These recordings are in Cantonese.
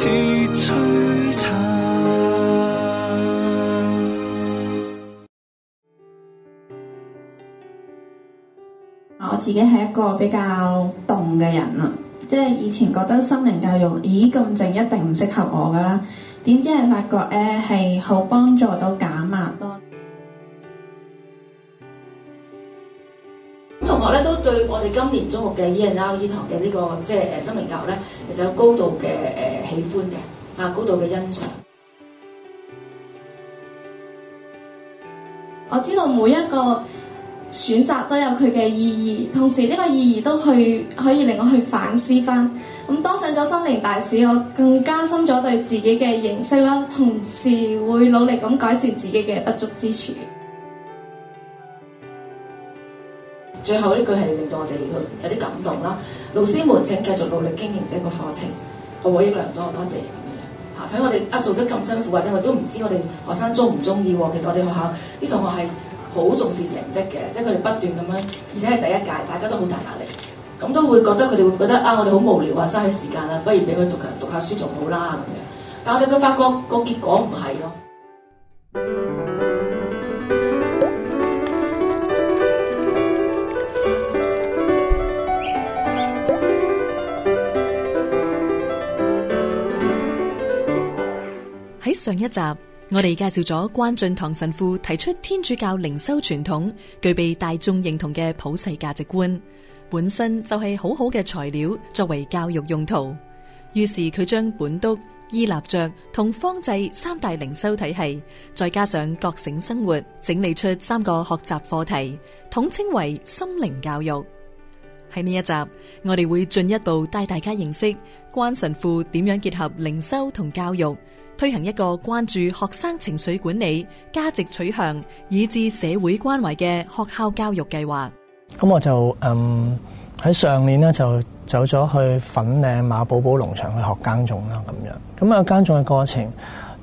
我自己係一個比較動嘅人，即係以前覺得心靈教育，咦咁靜，一定唔適合我㗎啦，點知係發覺呢，係好幫助到減壓多我咧都對我哋今年中學嘅 E N O E 堂嘅呢個即係誒心靈教育咧，其實有高度嘅誒喜歡嘅，啊高度嘅欣賞。我知道每一個選擇都有佢嘅意義，同時呢個意義都去可以令我去反思返。咁當上咗心靈大使，我更加深咗對自己嘅認識啦，同時會努力咁改善自己嘅不足之處。最後呢句係令到我哋有啲感動啦，老師們請繼續努力經營呢一個課程，我獲益良多，多謝咁樣樣嚇。睇我哋啊做得咁辛苦，或者都不我都唔知我哋學生中唔中意喎。其實我哋學校啲同學係好重視成績嘅，即係佢哋不斷咁樣，而且係第一屆，大家都好大壓力，咁都會覺得佢哋會覺得啊，我哋好無聊啊，嘥時間啊，不如俾佢讀下讀下書仲好啦咁樣。但我哋都發覺個結果唔係咯。上一集我哋介紹咗關進堂神父提出天主教靈修傳統具備大眾認同嘅普世價值觀，本身就係好好嘅材料作為教育用途。於是佢將本篤、依納爵同方濟三大靈修體系，再加上覺醒生活，整理出三個學習課題，統稱為心靈教育。喺呢一集我哋會進一步帶大家認識關神父點樣結合靈修同教育。推行一個關注學生情緒管理、價值取向以至社會關懷嘅學校教育計劃。咁我就嗯喺上年咧就走咗去粉嶺馬寶寶農場去學耕種啦，咁樣。咁啊耕種嘅過程，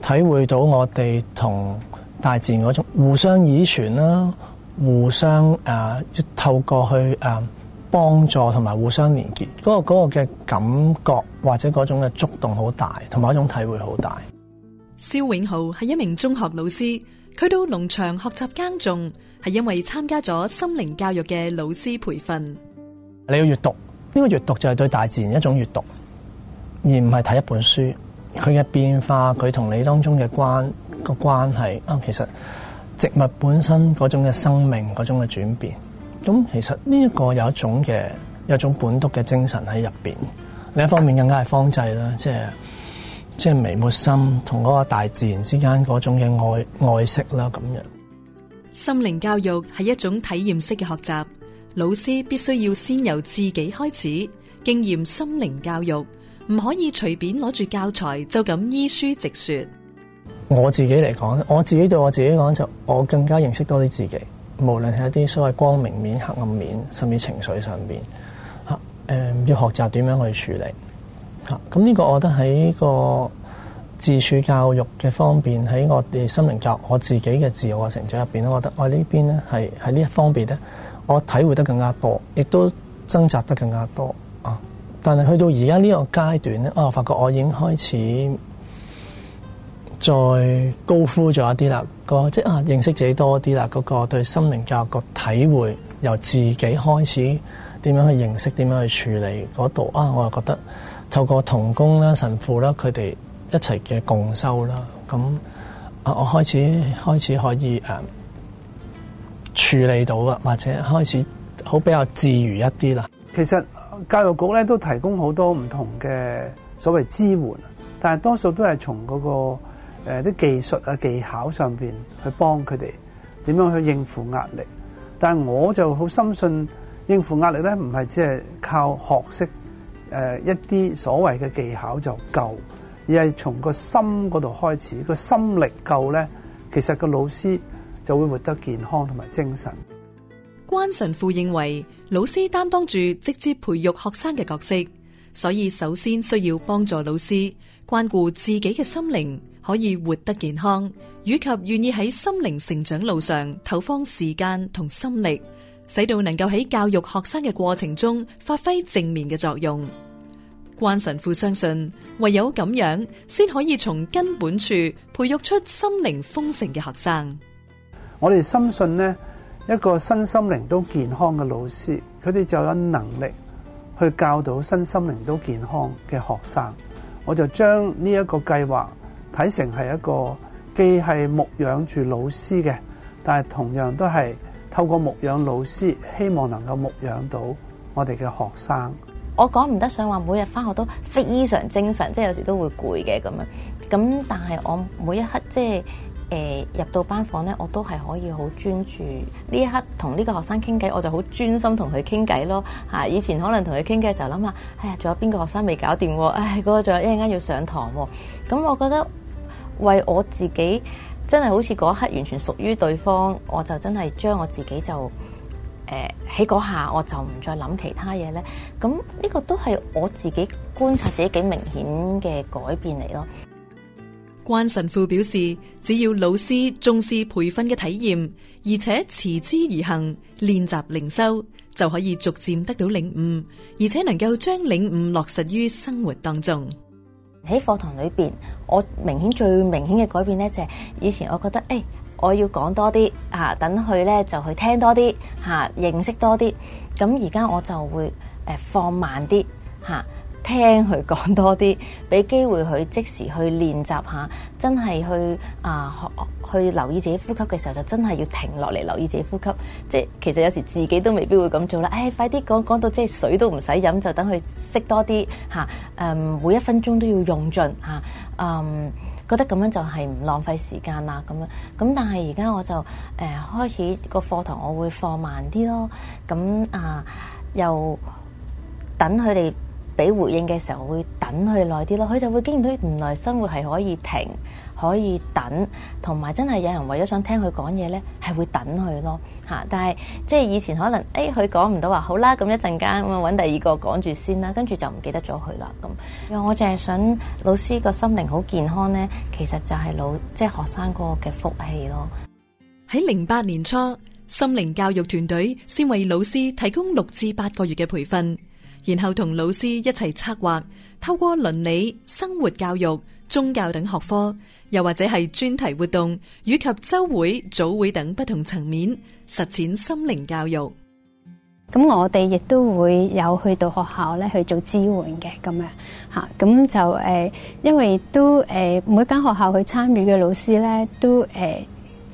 體會到我哋同大自然嗰種互相依存啦，互相誒、呃，透過去誒、呃、幫助同埋互相連結，嗰、嗰個、嗰個嘅感覺或者嗰種嘅觸動好大，同埋一種體會好大。蕭永浩係一名中學老師，佢到農場學習耕種，係因為參加咗心靈教育嘅老師培訓。你要閱讀呢個閱讀就係對大自然一種閱讀，而唔係睇一本書。佢嘅變化，佢同你當中嘅關個關係啊，其實植物本身嗰種嘅生命，嗰種嘅轉變，咁其實呢一個有一種嘅有一種本篤嘅精神喺入邊。另一方面更加係方濟啦，即係。即係眉目心同嗰個大自然之間嗰種嘅愛愛惜啦，咁樣。心靈教育係一種體驗式嘅學習，老師必須要先由自己開始，經驗心靈教育，唔可以隨便攞住教材就咁依書直說。我自己嚟講，我自己對我自己講就，我更加認識多啲自己，無論係一啲所謂光明面、黑暗面，甚至情緒上面，吓，誒，要學習點樣去處理。咁呢個，我覺得喺個自主教育嘅方面，喺我哋心靈教育我自己嘅自我嘅成長入邊咧，我覺得我邊呢邊咧係喺呢一方面咧，我體會得更加多，亦都掙扎得更加多啊。但係去到而家呢個階段咧，啊，我發覺我已經開始再高呼咗一啲啦，那個即係啊，認識自己多啲啦。嗰、那個對心靈教育個體會，由自己開始點樣去認識，點樣去處理嗰度、那個、啊，我又覺得。透過同工啦、神父啦，佢哋一齊嘅共修啦，咁我開始開始可以誒、嗯、處理到啊，或者開始好比較自如一啲啦。其實教育局咧都提供好多唔同嘅所謂支援，但係多數都係從嗰、那個啲、呃、技術啊技巧上邊去幫佢哋點樣去應付壓力。但係我就好深信應付壓力咧，唔係只係靠學識。誒、呃，一啲所謂嘅技巧就夠，而係從個心嗰度開始，個心力夠呢，其實個老師就會活得健康同埋精神。關神父認為，老師擔當住直接培育學生嘅角色，所以首先需要幫助老師關顧自己嘅心靈，可以活得健康，以及願意喺心靈成長路上投放時間同心力。使到能夠喺教育學生嘅過程中發揮正面嘅作用。關神父相信，唯有咁樣，先可以從根本處培育出心靈豐盛嘅學生。我哋深信呢一個身心靈都健康嘅老師，佢哋就有能力去教導身心靈都健康嘅學生。我就將呢一個計劃睇成係一個既係牧養住老師嘅，但係同樣都係。透過牧養老師，希望能夠牧養到我哋嘅學生。我講唔得上話，每日返學都非常精神，即係有時都會攰嘅咁樣。咁但係我每一刻即係誒、呃、入到班房咧，我都係可以好專注呢一刻同呢個學生傾偈，我就好專心同佢傾偈咯。嚇！以前可能同佢傾偈嘅時候，諗下，哎呀，仲有邊個學生未搞掂喎、啊？唉、哎，嗰、那個仲有一陣間要上堂喎、啊。咁我覺得為我自己。真係好似嗰刻完全屬於對方，我就真係將我自己就誒喺嗰下，呃、我就唔再諗其他嘢咧。咁呢個都係我自己觀察自己幾明顯嘅改變嚟咯。關神父表示，只要老師重視培訓嘅體驗，而且持之以恆練習靈修，就可以逐漸得到領悟，而且能夠將領悟落實於生活當中。喺課堂裏邊，我明顯最明顯嘅改變咧，就係以前我覺得誒、欸，我要講多啲啊，等佢咧就去聽多啲吓，認識多啲。咁而家我就會誒放慢啲吓。聽佢講多啲，俾機會佢即時去練習下，真係去啊、呃、學、去留意自己呼吸嘅時候，就真係要停落嚟留意自己呼吸。即係其實有時自己都未必會咁做啦。誒，快啲講講到即係水都唔使飲，就等佢識多啲、啊嗯、每一分鐘都要用盡、啊、嗯，覺得咁樣就係唔浪費時間啦咁樣。咁但係而家我就、呃、開始個課堂，我會放慢啲咯。咁啊，又等佢哋。俾回應嘅時候會等佢耐啲咯，佢就會經歷到，原來生活係可以停，可以等，同埋真係有人為咗想聽佢講嘢咧，係會等佢咯，吓！但係即係以前可能，誒、哎，佢講唔到話好啦，咁一陣間，我啊揾第二個講住先啦，跟住就唔記得咗佢啦。咁，我淨係想老師個心靈好健康咧，其實就係老即係學生嗰個嘅福氣咯。喺零八年初，心靈教育團隊先為老師提供六至八個月嘅培訓。然後同老師一齊策劃，透過倫理、生活教育、宗教等學科，又或者係專題活動以及周會、早會等不同層面實踐心靈教育。咁我哋亦都會有去到學校咧去做支援嘅咁樣吓，咁就誒，因為都誒每間學校去參與嘅老師咧都誒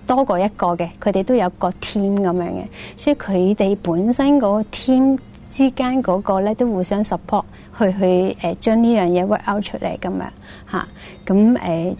多過一個嘅，佢哋都有一個 team 咁樣嘅，所以佢哋本身嗰個 team。之間嗰個咧都互相 support，去去誒、呃、將呢樣嘢 work out 出嚟咁樣吓。咁誒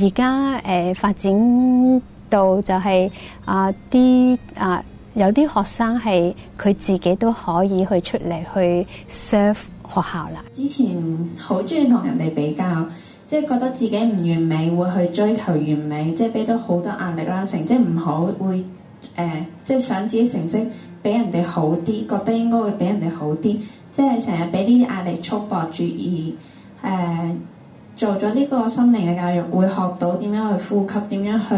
而家誒發展到就係啊啲啊有啲學生係佢自己都可以去出嚟去 serve 學校啦。之前好中意同人哋比較，即係覺得自己唔完美，會去追求完美，即係俾到好多壓力啦。成績唔好會誒，即係想自己成績。比人哋好啲，覺得應該會比人哋好啲，即係成日俾呢啲壓力束縛住，意，誒、呃、做咗呢個心靈嘅教育，會學到點樣去呼吸，點樣去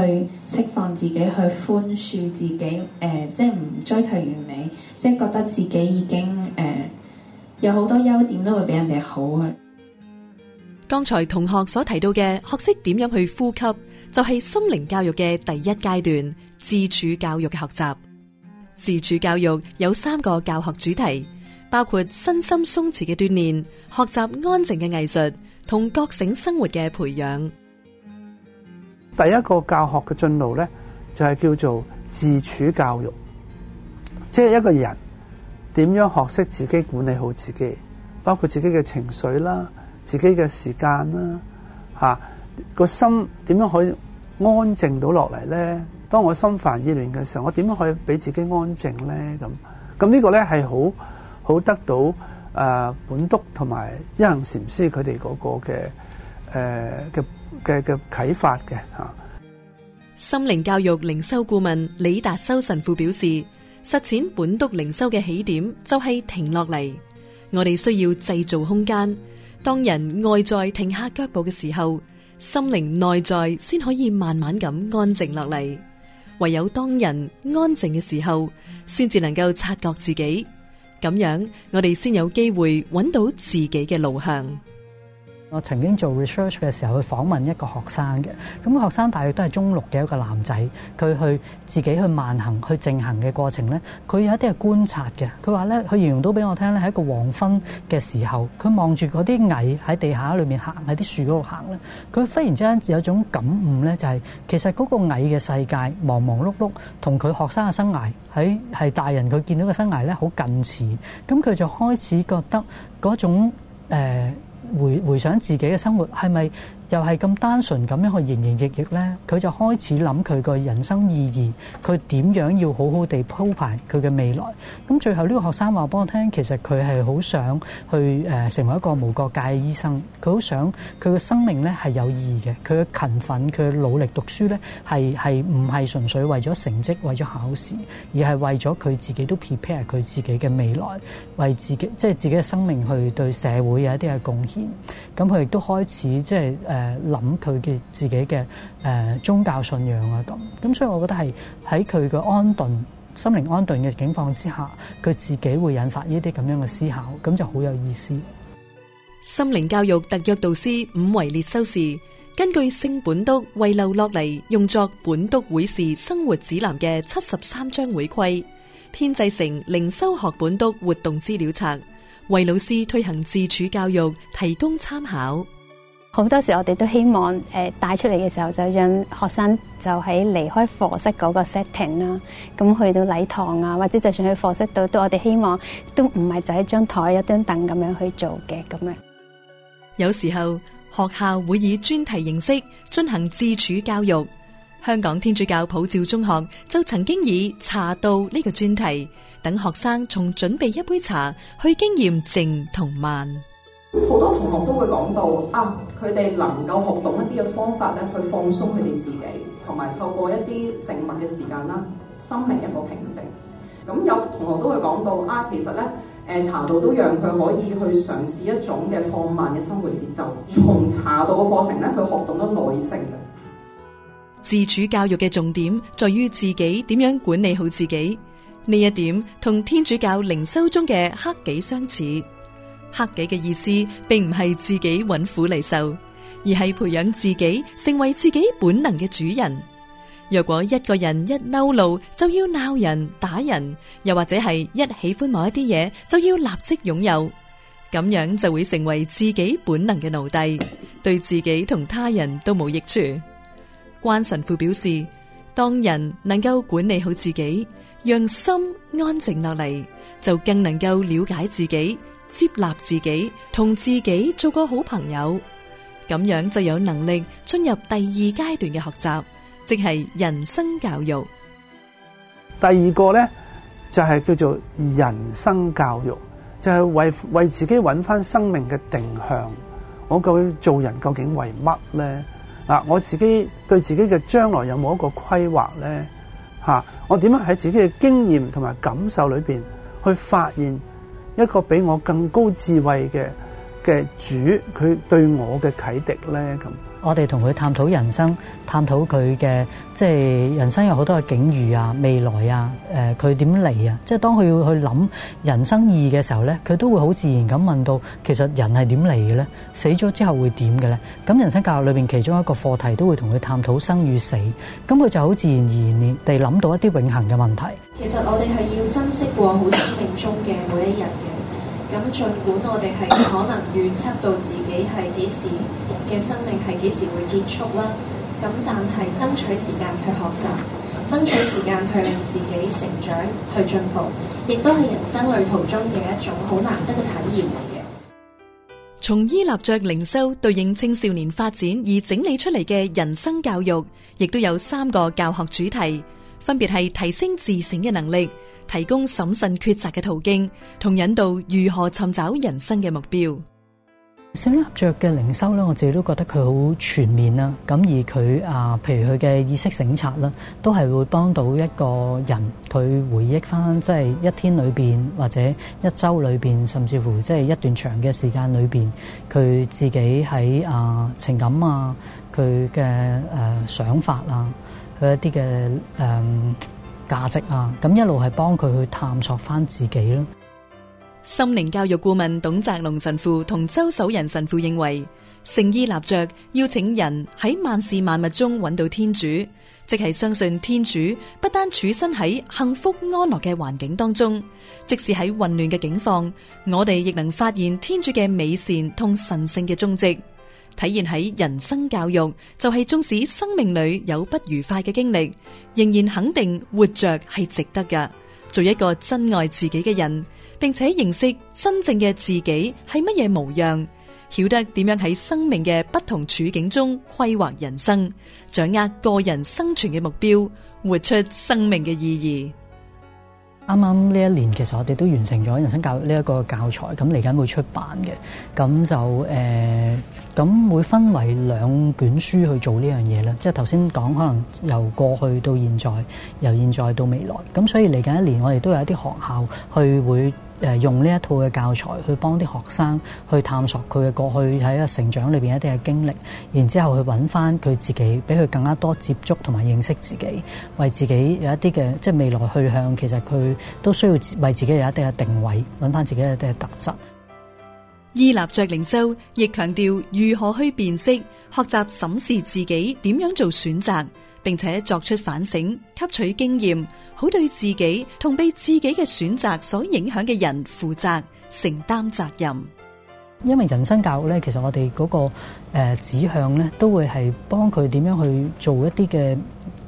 釋放自己，去寬恕自己，誒、呃、即係唔追求完美，即係覺得自己已經誒、呃、有好多優點都會比人哋好啊！剛才同學所提到嘅學識點樣去呼吸，就係、是、心靈教育嘅第一階段自主教育嘅學習。自主教育有三個教學主題，包括身心鬆弛嘅鍛煉、學習安靜嘅藝術同覺醒生活嘅培養。第一個教學嘅進路咧，就係叫做自處教育，即係一個人點樣學識自己管理好自己，包括自己嘅情緒啦、自己嘅時間啦，吓個心點樣可以安靜到落嚟咧？當我心煩意亂嘅時候，我點樣可以俾自己安靜呢？咁咁呢個咧係好好得到誒本篤同埋一行禪師佢哋嗰個嘅誒嘅嘅嘅啟發嘅吓。心靈教育靈修顧問李達修神父表示：實踐本篤靈修嘅起點就係停落嚟，我哋需要製造空間。當人外在停下腳步嘅時候，心靈內在先可以慢慢咁安靜落嚟。唯有當人安靜嘅時候，先至能夠察覺自己。咁樣，我哋先有機會揾到自己嘅路向。我曾經做 research 嘅時候，去訪問一個學生嘅。咁學生大約都係中六嘅一個男仔，佢去自己去慢行、去靜行嘅過程咧，佢有一啲係觀察嘅。佢話咧，佢形容到俾我聽咧，喺一個黃昏嘅時候，佢望住嗰啲蟻喺地下裏面行，喺啲樹嗰度行咧。佢忽然之間有一種感悟咧，就係其實嗰個蟻嘅世界忙忙碌碌，同佢學生嘅生涯喺係大人佢見到嘅生涯咧，好近似。咁佢就開始覺得嗰種誒。回回想自己嘅生活，係咪又係咁單純咁樣去營營役役呢？佢就開始諗佢個人生意義，佢點樣要好好地鋪排佢嘅未來。咁最後呢個學生話俾我聽，其實佢係好想去、呃、成為一個無國界嘅醫生。佢好想佢嘅生命呢係有意義嘅。佢嘅勤奮，佢嘅努力讀書呢，係係唔係純粹為咗成績，為咗考試，而係為咗佢自己都 prepare 佢自己嘅未來。為自己即係自己嘅生命去對社會有一啲嘅貢獻，咁佢亦都開始即係誒諗佢嘅自己嘅誒、呃、宗教信仰啊咁，咁所以我覺得係喺佢嘅安頓、心靈安頓嘅境況之下，佢自己會引發呢啲咁樣嘅思考，咁就好有意思。心靈教育特約導師伍維烈修士根據聖本篤遺留落嚟用作本篤會士生活指南嘅七十三章會規。編製成靈修學本督活動資料冊，為老師推行自主教育提供參考。好多時我哋都希望，誒、呃，帶出嚟嘅時候就讓學生就喺離開課室嗰個 setting 啦，咁去到禮堂啊，或者就算去課室度，都我哋希望都唔係就喺張台、一張凳咁樣去做嘅咁樣。有時候學校會以專題形式進行自主教育。香港天主教普照中學就曾經以茶道呢個專題，等學生從準備一杯茶去經驗靜同慢。好多同學都會講到啊，佢哋能夠學懂一啲嘅方法咧，去放鬆佢哋自己，同埋透過一啲靜默嘅時間啦，心靈一個平靜。咁有同學都會講到啊，其實咧，誒茶道都讓佢可以去嘗試一種嘅放慢嘅生活節奏。從茶道嘅課程咧，佢學懂咗耐性嘅。自主教育嘅重點在於自己點樣管理好自己，呢一點同天主教靈修中嘅克己相似。克己嘅意思並唔係自己揾苦嚟受，而係培養自己成為自己本能嘅主人。若果一個人一嬲怒，怒就要鬧人打人，又或者係一喜歡某一啲嘢就要立即擁有，咁樣就會成為自己本能嘅奴隸，對自己同他人都冇益處。關神父表示，當人能夠管理好自己，讓心安靜落嚟，就更能夠了解自己、接納自己，同自己做個好朋友。咁樣就有能力進入第二階段嘅學習，即係人生教育。第二個呢就係叫做人生教育，就係為為自己揾返生命嘅定向。我究竟做人究竟為乜呢？我自己對自己嘅將來有冇一個規劃呢？我點樣喺自己嘅經驗同埋感受裏面去發現一個比我更高智慧嘅嘅主佢對我嘅啟迪咧咁，我哋同佢探討人生，探討佢嘅即係人生有好多嘅境遇啊、未來啊、誒佢點嚟啊，即係當佢要去諗人生意義嘅時候咧，佢都會好自然咁問到，其實人係點嚟嘅咧？死咗之後會點嘅咧？咁人生教育裏邊其中一個課題都會同佢探討生與死，咁佢就好自然而然地諗到一啲永恆嘅問題。其實我哋係要珍惜過好生命中嘅每一日嘅。咁，儘管我哋係可能預測到自己係幾時，人嘅生命係幾時會結束啦，咁但係爭取時間去學習，爭取時間去讓自己成長、去進步，亦都係人生旅途中嘅一種好難得嘅體驗嚟嘅。從依納爵靈修對應青少年發展而整理出嚟嘅人生教育，亦都有三個教學主題。分別係提升自省嘅能力，提供審慎抉擇嘅途徑，同引導如何尋找人生嘅目標。小立著嘅靈修咧，我自己都覺得佢好全面啦。咁而佢啊，譬如佢嘅意識省察啦，都係會幫到一個人，佢回憶翻即係一天裏邊或者一周裏邊，甚至乎即係一段長嘅時間裏邊，佢自己喺啊情感啊，佢嘅誒想法啊。一啲嘅誒價值啊，咁一路係幫佢去探索返自己咯。心靈教育顧問董澤龍神父同周守仁神父認為，聖依納爵邀請人喺萬事萬物中揾到天主，即係相信天主不單處身喺幸福安樂嘅環境當中，即使喺混亂嘅境況，我哋亦能發現天主嘅美善同神聖嘅蹤跡。體現喺人生教育，就係縱使生命裏有不愉快嘅經歷，仍然肯定活着係值得㗎。做一個珍愛自己嘅人，並且認識真正嘅自己係乜嘢模樣，曉得點樣喺生命嘅不同處境中規劃人生，掌握個人生存嘅目標，活出生命嘅意義。啱啱呢一年，其實我哋都完成咗人生教育呢一個教材，咁嚟緊會出版嘅，咁就誒，咁、呃、會分為兩卷書去做呢樣嘢啦，即係頭先講，可能由過去到現在，由現在到未來，咁所以嚟緊一年，我哋都有一啲學校去會。誒，用呢一套嘅教材去幫啲學生去探索佢嘅過去喺一個成長裏邊一啲嘅經歷，然之後去揾翻佢自己，俾佢更加多接觸同埋認識自己，為自己有一啲嘅即係未來去向，其實佢都需要為自己有一定嘅定位，揾翻自己嘅一啲特質。依納爵靈修，亦強調如何去辨識、學習、審視自己，點樣做選擇。並且作出反省，吸取經驗，好對自己同被自己嘅選擇所影響嘅人負責，承擔責任。因為人生教育咧，其實我哋嗰個誒指向咧，都會係幫佢點樣去做一啲嘅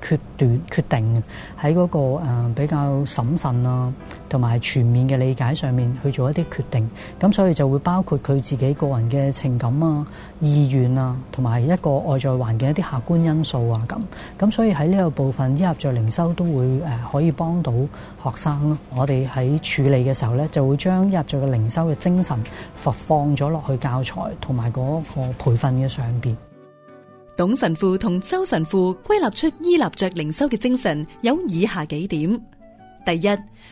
決斷、決定，喺嗰個誒比較審慎啊。同埋全面嘅理解上面去做一啲決定，咁所以就會包括佢自己個人嘅情感啊、意願啊，同埋一個外在環境一啲客觀因素啊咁。咁所以喺呢個部分，依納爵靈修都會誒、呃、可以幫到學生咯。我哋喺處理嘅時候咧，就會將依納爵靈修嘅精神發放咗落去教材同埋嗰個培訓嘅上邊。董神父同周神父歸納出依納爵靈修嘅精神有以下幾點。第一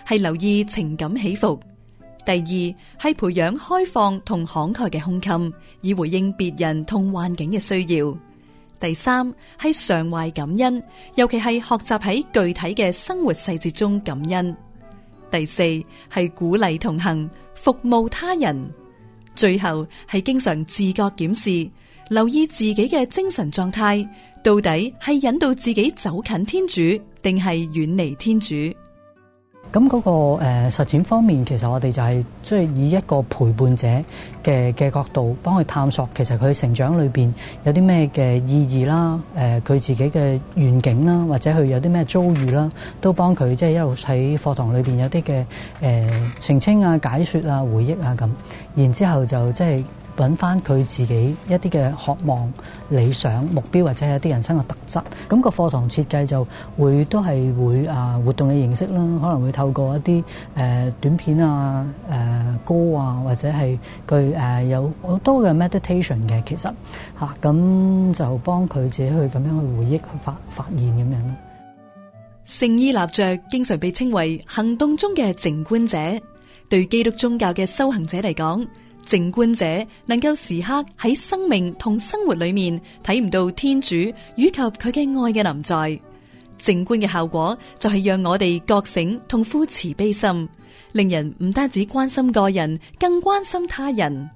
係留意情感起伏；第二係培養開放同慷慨嘅胸襟，以回應別人同環境嘅需要；第三係常懷感恩，尤其係學習喺具體嘅生活細節中感恩；第四係鼓勵同行，服務他人；最後係經常自覺檢視，留意自己嘅精神狀態，到底係引導自己走近天主，定係遠離天主。咁嗰個實踐方面，其實我哋就係即係以一個陪伴者嘅嘅角度，幫佢探索其實佢成長裏面有啲咩嘅意義啦，誒佢自己嘅願景啦，或者佢有啲咩遭遇啦，都幫佢即係一路喺課堂裏面有啲嘅誒澄清啊、解說啊、回憶啊咁，然之後就即係，就是揾翻佢自己一啲嘅渴望、理想、目標或者係一啲人生嘅特質，咁個課堂設計就會都係會啊活動嘅形式啦，可能會透過一啲誒短片啊、誒、啊、歌啊或者係佢誒有好多嘅 meditation 嘅，其實吓咁就幫佢自己去咁樣去回憶去發發現咁樣咯。聖依納爵經常被稱為行動中嘅靜觀者，對基督宗教嘅修行者嚟講。靜觀者能夠時刻喺生命同生活裏面睇唔到天主以及佢嘅愛嘅臨在。靜觀嘅效果就係讓我哋覺醒同呼慈悲心，令人唔單止關心個人，更關心他人。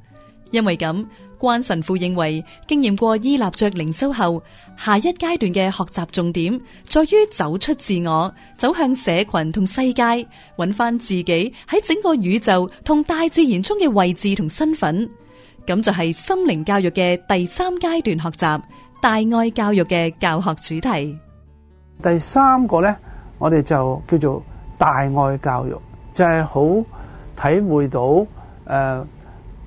因為咁，關神父認為經驗過伊納爵靈修後。下一階段嘅學習重點在於走出自我，走向社群同世界，搵返自己喺整個宇宙同大自然中嘅位置同身份。咁就係心靈教育嘅第三階段學習大愛教育嘅教學主題。第三個呢，我哋就叫做大愛教育，就係、是、好體會到誒誒、呃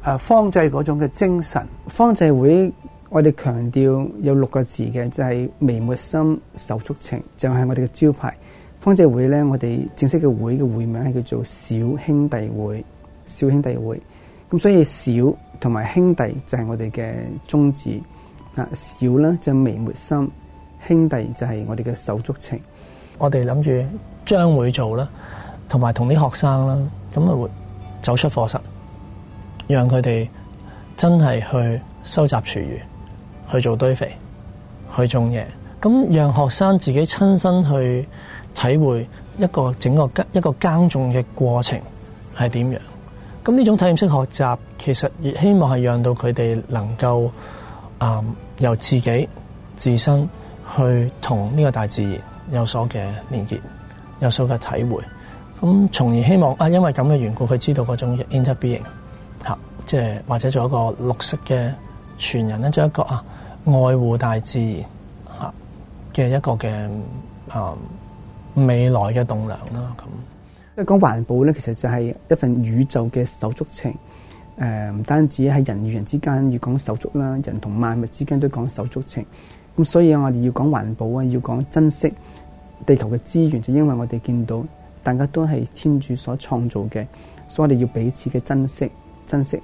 呃、方濟」嗰種嘅精神，方濟」會。我哋強調有六個字嘅就係微末心手足情，就係我哋嘅招牌。方濟會咧，我哋正式嘅會嘅會名係叫做小兄弟會。小兄弟會咁，所以小同埋兄弟就係我哋嘅宗旨。小咧就微末心，兄弟就係我哋嘅手足情。我哋諗住將會做啦，同埋同啲學生啦，咁啊會走出課室，讓佢哋真係去收集廚餘。去做堆肥，去種嘢，咁讓學生自己親身去體會一個整個一個耕種嘅過程係點樣，咁呢種體驗式學習其實亦希望係讓到佢哋能夠，誒、嗯、由自己自身去同呢個大自然有所嘅連結，有所嘅體會，咁從而希望啊因為咁嘅緣故，佢知道嗰種 interbeing，好，即係或者做一個綠色嘅傳人咧，做一個啊。愛護大自然吓嘅一個嘅啊、嗯、未來嘅棟樑啦咁。因為講環保咧，其實就係一份宇宙嘅手足情。誒，唔單止喺人與人之間要講手足啦，人同萬物之間都講手足情。咁所以我哋要講環保啊，要講珍惜地球嘅資源，就因為我哋見到大家都係天主所創造嘅，所以我哋要彼此嘅珍惜，珍惜誒、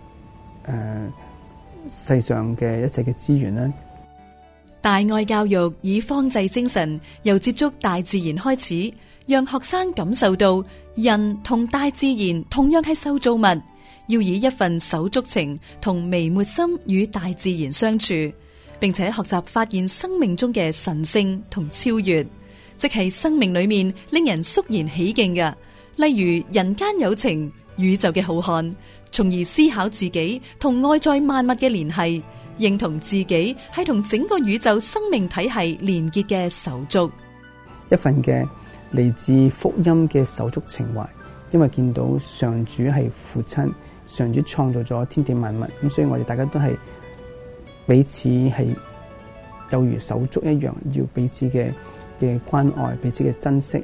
呃、世上嘅一切嘅資源啦。大愛教育以方濟精神，由接觸大自然開始，讓學生感受到人同大自然同樣係受造物，要以一份手足情同微末心與大自然相處，並且學習發現生命中嘅神聖同超越，即係生命裏面令人肅然起敬嘅，例如人間友情、宇宙嘅浩瀚，從而思考自己同外在萬物嘅聯繫。認同自己係同整個宇宙生命體系連結嘅手足，一份嘅嚟自福音嘅手足情懷，因為見到上主係父親，上主創造咗天地萬物，咁所以我哋大家都係彼此係有如手足一樣，要彼此嘅嘅關愛,彼此嘅珍惜。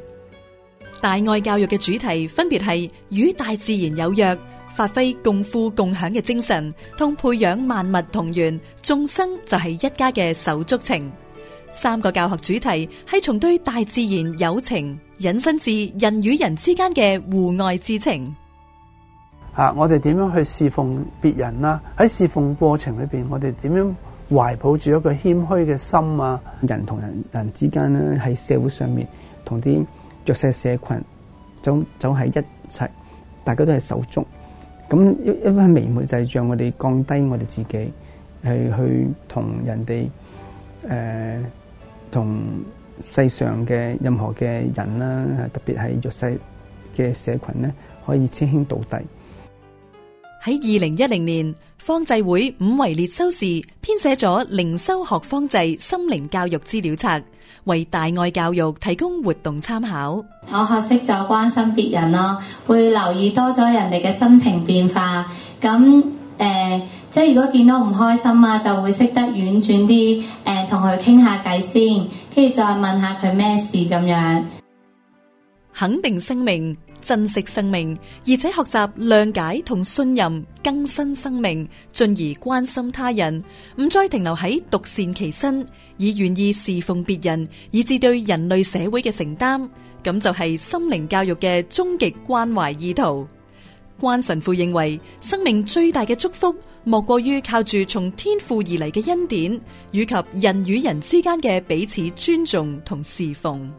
大愛教育嘅主題分別係與大自然有約。發揮共富共享嘅精神，同培養萬物同源、眾生就係一家嘅手足情。三個教學主題係從對大自然友情引申至人與人之間嘅互愛之情。啊！我哋點樣去侍奉別人啦？喺侍奉過程裏邊，我哋點樣懷抱住一個謙虛嘅心啊？人同人人之間咧，喺社會上面同啲弱勢社群走走喺一齊，大家都係手足。咁一一份微末就係讓我哋降低我哋自己，係去同人哋，誒、呃，同世上嘅任何嘅人啦，特別係弱勢嘅社群咧，可以稱兄道弟。喺二零一零年，方濟會五維列修士編寫咗《靈修學方濟心靈教育資料冊》，為大愛教育提供活動參考。我學識咗關心別人咯，會留意多咗人哋嘅心情變化。咁誒、呃，即係如果見到唔開心啊，就會識得婉轉啲，誒，同佢傾下偈先，跟住再問下佢咩事咁樣。肯定生命，珍惜生命，而且學習諒解同信任，更新生命，進而關心他人，唔再停留喺獨善其身，以願意侍奉別人，以致對人類社會嘅承擔，咁就係心靈教育嘅終極關懷意圖。關神父認為，生命最大嘅祝福，莫過於靠住從天父而嚟嘅恩典，以及人與人之間嘅彼此尊重同侍奉。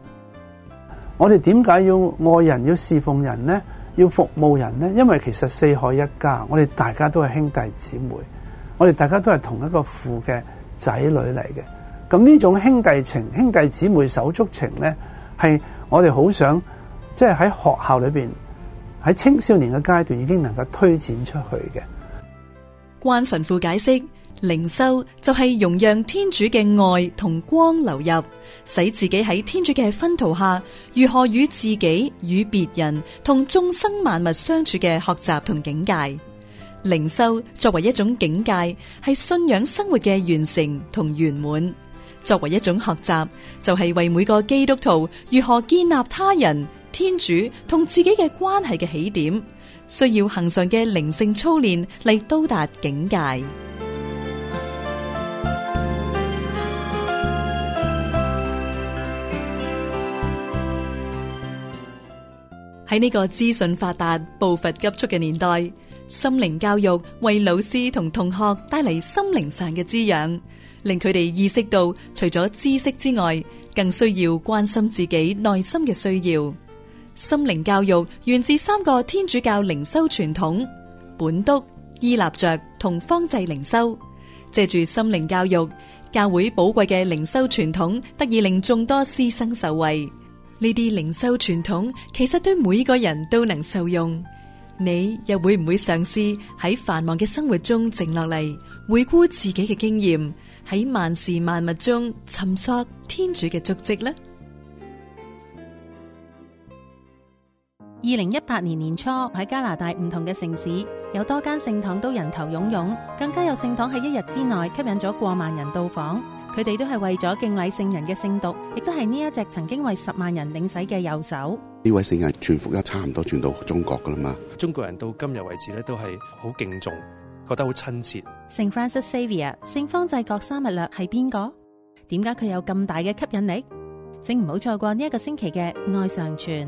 我哋點解要愛人，要侍奉人呢？要服務人呢？因為其實四海一家，我哋大家都係兄弟姊妹，我哋大家都係同一個父嘅仔女嚟嘅。咁呢種兄弟情、兄弟姊妹手足情呢，係我哋好想即係喺學校裏邊，喺青少年嘅階段已經能夠推展出去嘅。關神父解釋，靈修就係容讓天主嘅愛同光流入，使自己喺天主嘅薰陶下，如何與自己、與別人、同眾生萬物相處嘅學習同境界。靈修作為一種境界，係信仰生活嘅完成同圓滿；作為一種學習，就係、是、為每個基督徒如何建立他人、天主同自己嘅關係嘅起點。需要恆常嘅靈性操練嚟到達境界。喺呢個資訊發達、步伐急速嘅年代，心靈教育為老師同同學帶嚟心靈上嘅滋養，令佢哋意識到除咗知識之外，更需要關心自己內心嘅需要。心靈教育源自三個天主教靈修傳統：本篤、依納爵同方濟靈修。借住心靈教育，教會寶貴嘅靈修傳統，得以令眾多師生受惠。呢啲靈修傳統其實對每個人都能受用。你又會唔會嘗試喺繁忙嘅生活中靜落嚟，回顧自己嘅經驗，喺萬事萬物中尋索天主嘅足跡呢？二零一八年年初喺加拿大唔同嘅城市有多間聖堂都人頭涌涌，更加有聖堂喺一日之內吸引咗過萬人到訪。佢哋都係為咗敬禮聖人嘅聖髑，亦都係呢一隻曾經為十萬人領洗嘅右手。呢位聖人全服咗差唔多傳到中國噶啦嘛。中國人到今日為止咧都係好敬重，覺得好親切。聖 Francis Xavier 聖方濟各沙勿略係邊個？點解佢有咁大嘅吸引力？請唔好錯過呢一個星期嘅愛上傳。